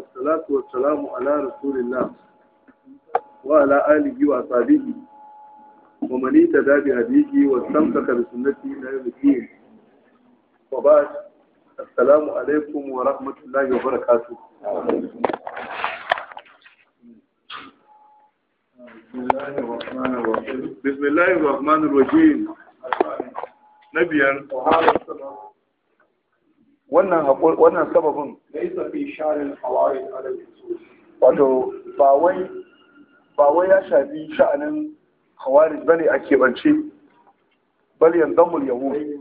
Wasalasu wasalamu ala rasulillah wahala Ali yi wasu abinci. Mamanita za ki hadithi wa tsamtsaka da sanadki na yau da jihun. Fobat wasalamu wa rahmatulahi wabarakatu. Abdullahi Muhammadu Waziru, abdullahi ma'aikatan, abdullahi ma'aikatan, abdullahi ma'aikatan. wannan haƙur wannan sababin laysa fi sha'anil hawarid wato ba wai ya shafi sha'anin ba ne a keɓance bal yanzamu al-yahud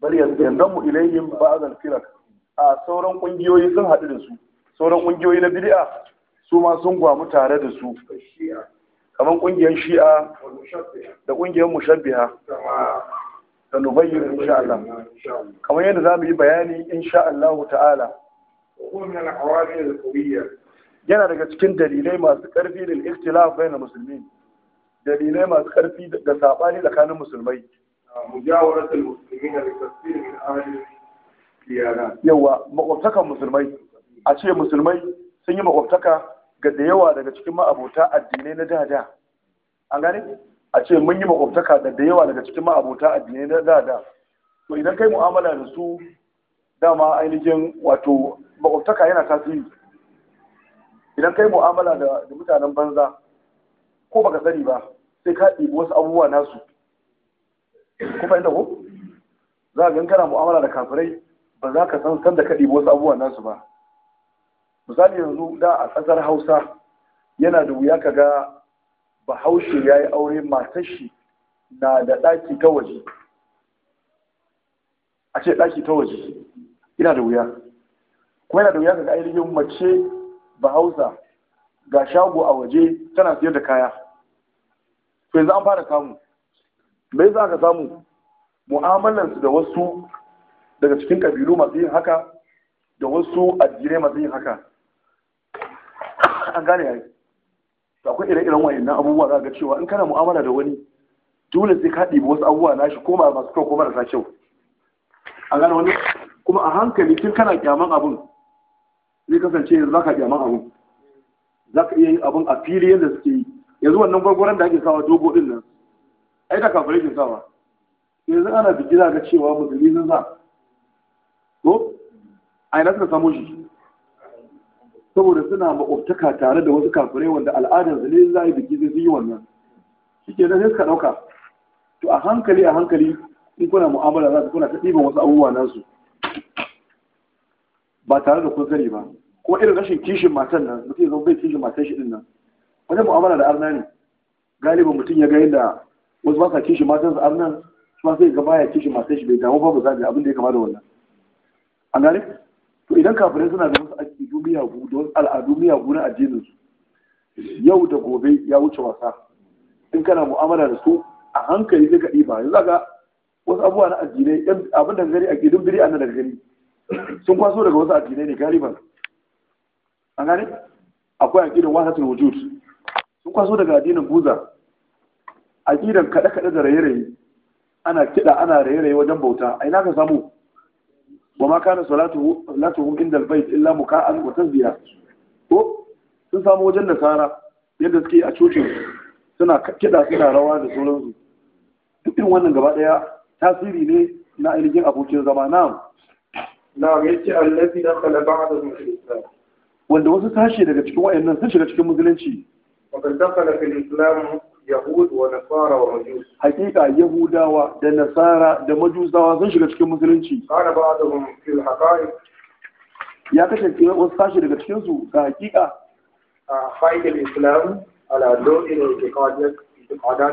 bal yanzamu ilayhim ba'd al-firaq a sauran kungiyoyi sun haɗu da su sauran kungiyoyi na bid'a su ma sun gwamu tare da su kamar kungiyar shi'a da kungiyar mushabbiha sanubayyar nubayyin insha Allah kamar yadda za mu yi bayani insha Allah ta'ala yana daga cikin dalilai masu ƙarfi da ikhtilaf bayan musulmi dalilai masu ƙarfi da saɓani tsakanin musulmai yawa makwabtakan musulmai a ce musulmai sun yi makwabtaka ga da yawa daga cikin ma'abota addinai na da an gane a ce mun yi makwabtaka da da yawa daga cikin ma'abota addinai na da da to idan kai mu'amala da su dama ainihin wato makwabtaka yana tasiri idan kai mu'amala da mutanen banza ko baka sani ba sai ka ɗibi wasu abubuwa nasu ko fahimta ko za ka kana mu'amala da kafirai ba za ka san san da ka ɗibi wasu abubuwa nasu ba misali yanzu da a ƙasar hausa yana da wuya ka ga bahaushe ya yi aure matashi na da ɗaki ta waje a ce ɗaki ta waje ina da wuya kuma yana da wuya ga ainihin mace bahausa ga shago a waje tana siyar da kaya to yanzu an fara samu me za ka samu su da wasu daga cikin kabilu masu yin haka da wasu addinai masu yin haka an gane yayi to akwai ire-iren wayannan abubuwa za ga cewa in kana mu'amala da wani dole sai ka ɗibi wasu abubuwa na shi ko masu kyau ko marasa kyau a gane wani kuma a hankali tun kana kyaman abun zai kasance yanzu za ka kyaman abun za ka iya yin abun a fili yadda suke yi yanzu wannan gwagwaran da ake sawa dogo din nan ai da kafirai ke sawa yanzu ana biki za ga cewa musulmi sun sa Ko, a ina suka samu shi saboda suna makwabtaka tare da wasu kafirai wanda al'adar su ne za yi biki zai yi wannan shi ke nan suka ɗauka to a hankali a hankali in kuna mu'amala za su kuna ta ɗiban wasu abubuwa nasu ba tare da kun sani ba kuma irin rashin kishin matan nan mutum ya zama bai kishin matan shi din nan wajen mu'amala da arna ne galiba mutum ya ga yadda wasu ba sa kishin matan su arnan su ba sai ga baya kishin matan shi bai damu ba ba za abin da ya kama da wannan an gane to idan kafirai suna da wasu aƙidu miyagu da wasu al'adu miyagu na addininsu yau da gobe ya wuce wasa in kana mu'amala da su a hankali zai kaɗi ba yanzu ga wasu abubuwa na addinai abin da a aƙidun biri an da gani sun kwaso daga wasu addinai ne galiban an gane akwai aƙidun wasatul wujud sun kwaso daga addinin buza aƙidan kaɗe-kaɗe da raye-raye ana kiɗa ana raye-raye wajen bauta a ina ka samu وما كان salatu latuhum inda albayt illa muka'an wa tasbiya ko sun samu wajen nasara yadda suke a cocin suna kiɗa suna rawa da sauransu duk irin wannan gaba ɗaya tasiri ne na ainihin abokin zama na na yace allazi da kala ba'da musulunci. wanda wasu tashi daga cikin wayannan sun shiga cikin musulunci wanda kan dakala fil islam yahud wa nasara wa majus hakika yahudawa da nasara da majusawa sun shiga cikin musulunci kana ba'dhum fil haƙari. ya kasance wasu sashi daga cikin su ga hakika fa'idul islam ala dawil al-iqadiyya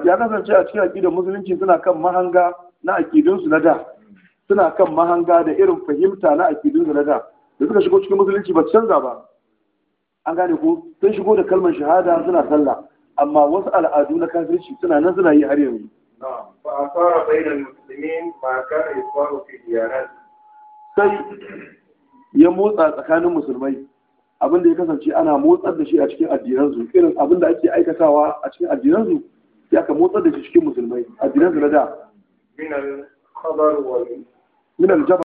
ya kasance a cikin aƙidar musulunci suna kan mahanga na aƙidunsu na da suna kan mahanga da irin fahimta na aƙidunsu na da da suka shigo cikin musulunci ba canza ba an gane ko sun shigo da kalmar shahada suna sallah amma wasu al'adu na kafirci suna nan suna yi har yanzu a fara bainal muslimin ma kana yusfaru fi sai ya motsa tsakanin musulmai abin da ya kasance ana motsar da shi a cikin addinansu irin abin da ake aikatawa a cikin addinansu ya ka motsar da shi cikin musulmai addinansu na da minal jabar